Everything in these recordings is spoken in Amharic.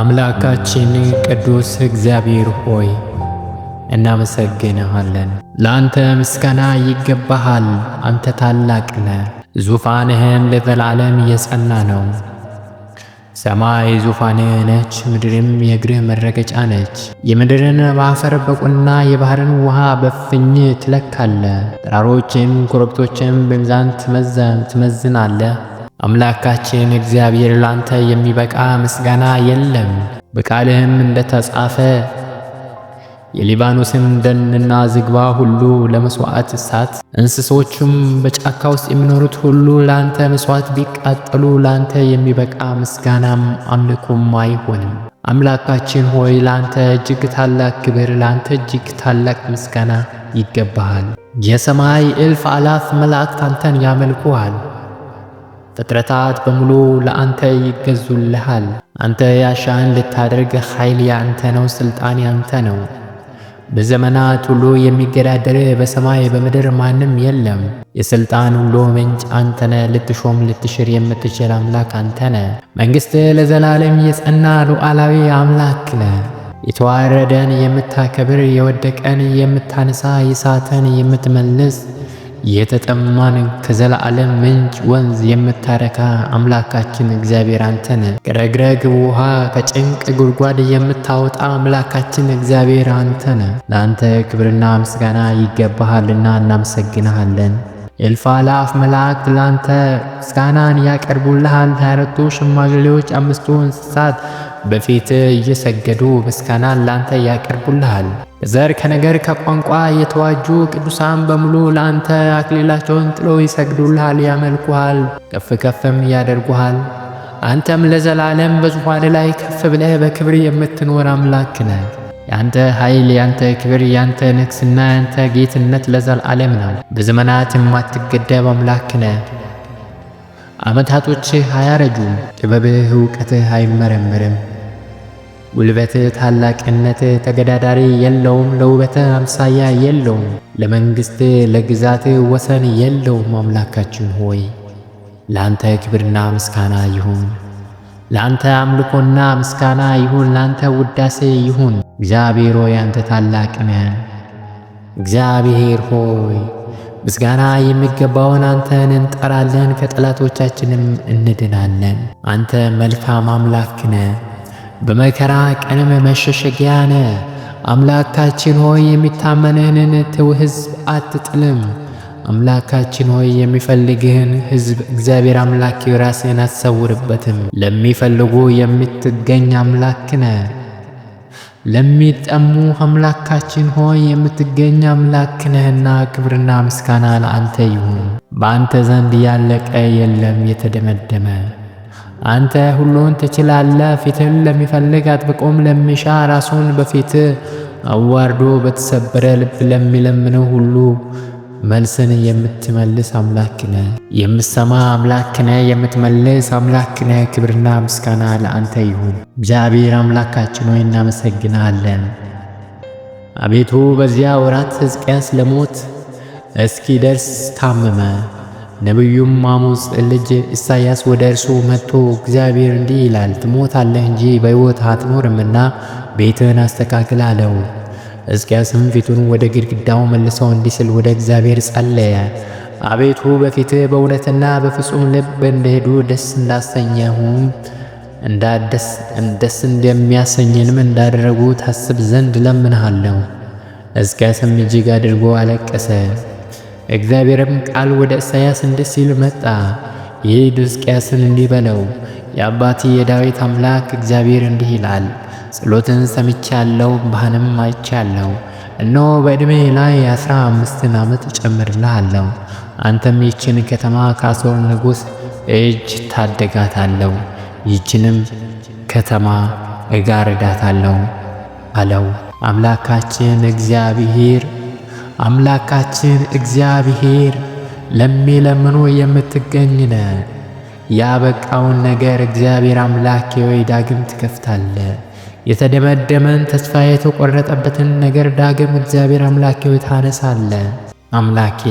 አምላካችን ቅዱስ እግዚአብሔር ሆይ እናመሰግንሃለን። ለአንተ ምስጋና ይገባሃል። አንተ ታላቅ ነህ፣ ዙፋንህም ለዘላለም የጸና ነው። ሰማይ ዙፋንህ ነች፣ ምድርም የእግርህ መረገጫ ነች። የምድርን አፈር በቁና የባህርን ውሃ በፍኝ ትለካለ ተራሮችም ኮረብቶችም በሚዛን ትመዝናለህ። አምላካችን እግዚአብሔር ላንተ የሚበቃ ምስጋና የለም። በቃልህም ተጻፈ የሊባኖስን ደንና ዝግባ ሁሉ ለመሥዋዕት እሳት፣ እንስሶቹም በጫካ ውስጥ የሚኖሩት ሁሉ ላንተ መሥዋዕት ቢቃጠሉ ላንተ የሚበቃ ምስጋናም አምልኮም አይሆንም። አምላካችን ሆይ ላንተ እጅግ ታላቅ ክብር፣ ላንተ እጅግ ታላቅ ምስጋና ይገባሃል። የሰማይ እልፍ አላፍ መላእክት አንተን ያመልኩሃል። ፍጥረታት በሙሉ ለአንተ ይገዙልሃል። አንተ ያሻህን ልታደርግ ኃይል ያንተ ነው፣ ሥልጣን ያንተ ነው። በዘመናት ሁሉ የሚገዳደር በሰማይ በምድር ማንም የለም። የሥልጣን ሁሉ ምንጭ አንተነ ልትሾም ልትሽር የምትችል አምላክ አንተነ። መንግሥት ለዘላለም የጸና ሉዓላዊ አምላክ ነ የተዋረደን የምታከብር የወደቀን የምታነሳ የሳተን የምትመልስ የተጠማን ከዘላለም ምንጭ ወንዝ የምታረካ አምላካችን እግዚአብሔር አንተ ነህ። ግረግረግ ውሃ ከጭንቅ ጉድጓድ የምታወጣ አምላካችን እግዚአብሔር አንተ ነህ። ለአንተ ክብርና ምስጋና ይገባሃልና እናመሰግንሃለን። እልፍ አእላፍ መላእክት ላንተ ምስጋናን ያቀርቡልሃል። ሃያ አራቱ ሽማግሌዎች አምስቱ እንስሳት በፊት እየሰገዱ ምስጋናን ላንተ ያቀርቡልሃል። ዘር ከነገር ከቋንቋ የተዋጁ ቅዱሳን በሙሉ ለአንተ አክሊላቸውን ጥሎ ይሰግዱልሃል፣ ያመልኩሃል፣ ከፍ ከፍም ያደርጉሃል። አንተም ለዘላለም በዙፋን ላይ ከፍ ብለህ በክብር የምትኖር አምላክ ነህ። ያንተ ኃይል፣ ያንተ ክብር፣ ያንተ ንግስና፣ የአንተ ጌትነት ለዘላለም ነው። በዘመናት የማትገደብ አምላክ ነ። ዓመታቶችህ አያረጁም። ጥበብህ፣ እውቀትህ አይመረምርም። ጉልበትህ፣ ታላቅነትህ ተገዳዳሪ የለውም። ለውበትህ አምሳያ የለውም። ለመንግሥትህ፣ ለግዛትህ ወሰን የለውም። አምላካችን ሆይ ለአንተ ክብርና ምስጋና ይሁን። ለአንተ አምልኮና ምስጋና ይሁን። ለአንተ ውዳሴ ይሁን። እግዚአብሔር ሆይ አንተ ታላቅ ነህ። እግዚአብሔር ሆይ ምስጋና የሚገባውን አንተን እንጠራለን፣ ከጠላቶቻችንም እንድናለን። አንተ መልካም አምላክ ነህ፣ በመከራ ቀንም መሸሸጊያ ነህ። አምላካችን ሆይ የሚታመንህንን ትው ሕዝብ አትጥልም። አምላካችን ሆይ የሚፈልግህን ሕዝብ እግዚአብሔር አምላክ ራስህን አትሰውርበትም። ለሚፈልጉ የምትገኝ አምላክ ነህ። ለሚጠሙ አምላካችን ሆይ የምትገኝ አምላክ ነህና ክብርና ምስጋና ለአንተ ይሁን። በአንተ ዘንድ ያለቀ የለም የተደመደመ። አንተ ሁሉን ትችላለህ። ፊትህን ለሚፈልግ አጥብቆም ለሚሻ ራሱን በፊትህ አዋርዶ በተሰበረ ልብ ለሚለምነው ሁሉ መልስን የምትመልስ አምላክ ነ! የምሰማ አምላክ ነ የምትመልስ አምላክ ነ ክብርና ምስጋና ለአንተ ይሁን። እግዚአብሔር አምላካችን ሆይ እናመሰግናለን። አቤቱ በዚያ ወራት ሕዝቅያስ ለሞት እስኪደርስ ታመመ። ነቢዩም አሞጽ ልጅ ኢሳያስ ወደ እርሱ መጥቶ እግዚአብሔር እንዲህ ይላል፣ ትሞታለህ እንጂ በሕይወት አትኖርምና ቤትህን አስተካክል አለው። ሕዝቅያስም ፊቱን ወደ ግድግዳው መልሶ እንዲስል ወደ እግዚአብሔር ጸለየ። አቤቱ በፊትህ በእውነትና በፍጹም ልብ እንደሄዱ ደስ እንዳሰኘሁም ደስ እንደሚያሰኝንም እንዳደረጉ ታስብ ዘንድ ለምንሃለሁ። ሕዝቅያስም እጅግ አድርጎ አለቀሰ። እግዚአብሔርም ቃል ወደ እሳያስ እንዲህ ሲል መጣ። ይህ ሕዝቅያስን እንዲህ በለው፣ የአባቴ የዳዊት አምላክ እግዚአብሔር እንዲህ ይላል ጸሎትን ሰምቻለሁ፣ ባህንም አይቻለሁ። እነሆ በዕድሜ ላይ አስራ አምስትን ዓመት እጨምርልሃለሁ። አንተም ይችን ከተማ ከአሦር ንጉሥ እጅ ታደጋታለሁ፣ ይችንም ከተማ እጋርዳታለሁ አለው። አምላካችን እግዚአብሔር አምላካችን እግዚአብሔር ለሚለምኑ የምትገኝ ነ ያበቃውን ነገር እግዚአብሔር አምላኬ ወይ ዳግም ትከፍታለህ። የተደመደመን ተስፋ የተቆረጠበትን ነገር ዳግም እግዚአብሔር አምላኬ ታነሳለ አምላኬ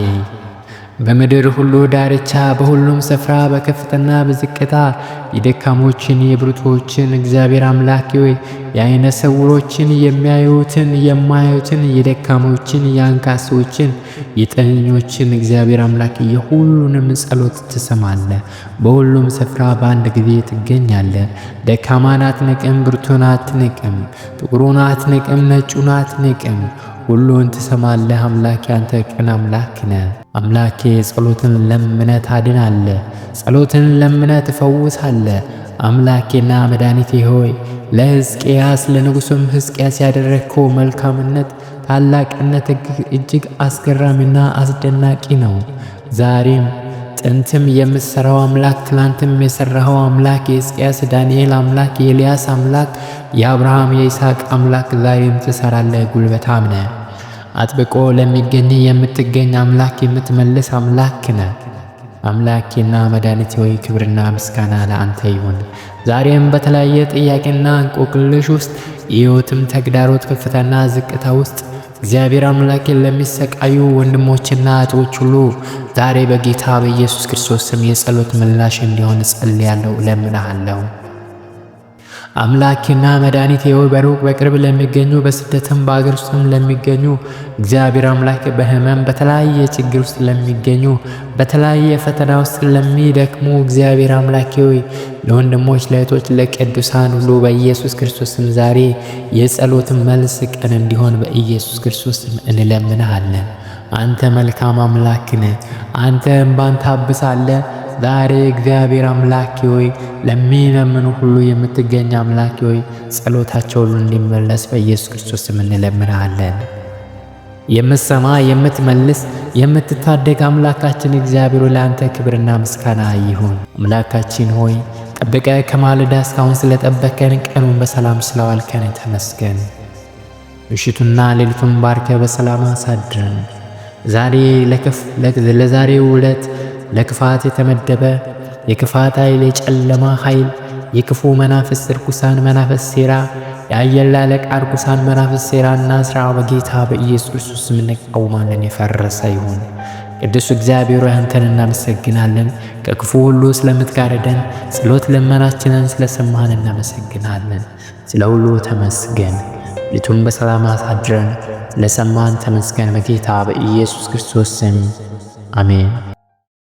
በምድር ሁሉ ዳርቻ በሁሉም ስፍራ በከፍታና በዝቅታ የደካሞችን የብርቶችን እግዚአብሔር አምላክ ሆይ የአይነ ስውሮችን የሚያዩትን የማያዩትን የደካሞችን የአንካሶችን የጠኞችን እግዚአብሔር አምላክ የሁሉንም ጸሎት ትሰማለ። በሁሉም ስፍራ በአንድ ጊዜ ትገኛለ። ደካማን አትንቅም፣ ብርቱን አትንቅም፣ ጥቁሩን አትንቅም፣ ነጩን አትንቅም። ሁሉን ትሰማለህ አምላኬ፣ አንተ ቅን አምላክ ነ አምላኬ ጸሎትን ለምነ ታድናለ፣ ጸሎትን ለምነ ትፈውሳለ። አምላኬና መድኃኒቴ ሆይ ለሕዝቅያስ ለንጉሡም ሕዝቅያስ ያደረግከው መልካምነት ታላቅነት እጅግ አስገራሚና አስደናቂ ነው። ዛሬም ጥንትም የምሰራው አምላክ ትላንትም የሠራኸው አምላክ የሕዝቅያስ ዳንኤል አምላክ የኤልያስ አምላክ የአብርሃም የይስሐቅ አምላክ ዛሬም ትሠራለህ። ጉልበታም ነህ። አጥብቆ ለሚገኝ የምትገኝ አምላክ የምትመልስ አምላክ ነ አምላኬና መድኃኒቴ ሆይ ክብርና ምስጋና ለአንተ ይሁን። ዛሬም በተለያየ ጥያቄና እንቆቅልሽ ውስጥ የሕይወትም ተግዳሮት ከፍታና ዝቅታ ውስጥ እግዚአብሔር አምላኬን ለሚሰቃዩ ወንድሞችና እህቶች ሁሉ ዛሬ በጌታ በኢየሱስ ክርስቶስ ስም የጸሎት ምላሽ እንዲሆን እጸልያለሁ፣ እለምንሃለሁ። አምላኬና መድኃኒቴ ሆይ በሩቅ በቅርብ ለሚገኙ በስደትም በአገር ውስጥም ለሚገኙ እግዚአብሔር አምላክ በህመም በተለያየ ችግር ውስጥ ለሚገኙ በተለያየ ፈተና ውስጥ ለሚደክሙ እግዚአብሔር አምላኬ ሆይ ለወንድሞች፣ ለእህቶች፣ ለቅዱሳን ሁሉ በኢየሱስ ክርስቶስም ዛሬ የጸሎትን መልስ ቀን እንዲሆን በኢየሱስ ክርስቶስም እንለምንሃለን። አንተ መልካም አምላክ ነህ። አንተ እምባን ታብሳለህ። ዛሬ እግዚአብሔር አምላኬ ሆይ ለሚለምኑ ሁሉ የምትገኝ አምላኬ ሆይ ጸሎታቸው ሁሉ እንዲመለስ በኢየሱስ ክርስቶስ እንለምናለን። የምትሰማ የምትመልስ የምትታደግ አምላካችን እግዚአብሔር ለአንተ ክብርና ምስጋና ይሁን። አምላካችን ሆይ ጠብቀ ከማለዳ እስካሁን ስለጠበከን ቀኑን በሰላም ስለዋልከን ተመስገን። ምሽቱና ሌሊቱን ባርከ በሰላም አሳድረን። ዛሬ ለዛሬው ዕለት ለክፋት የተመደበ የክፋት ኃይል፣ የጨለማ ኃይል፣ የክፉ መናፍስ፣ ርኩሳን መናፍስ ሴራ፣ የአየር ላለቃ ርኩሳን መናፍስ ሴራና ስራ በጌታ በኢየሱስ ክርስቶስ የምንቃወማለን የፈረሰ ይሁን። ቅዱስ እግዚአብሔር አንተን እናመሰግናለን። ከክፉ ሁሉ ስለምትጋርደን ጸሎት ልመናችንን ስለሰማህን እናመሰግናለን። ስለ ሁሉ ተመስገን። ልቱን በሰላም አሳድረን። ስለሰማህን ተመስገን። በጌታ በኢየሱስ ክርስቶስ ስም አሜን።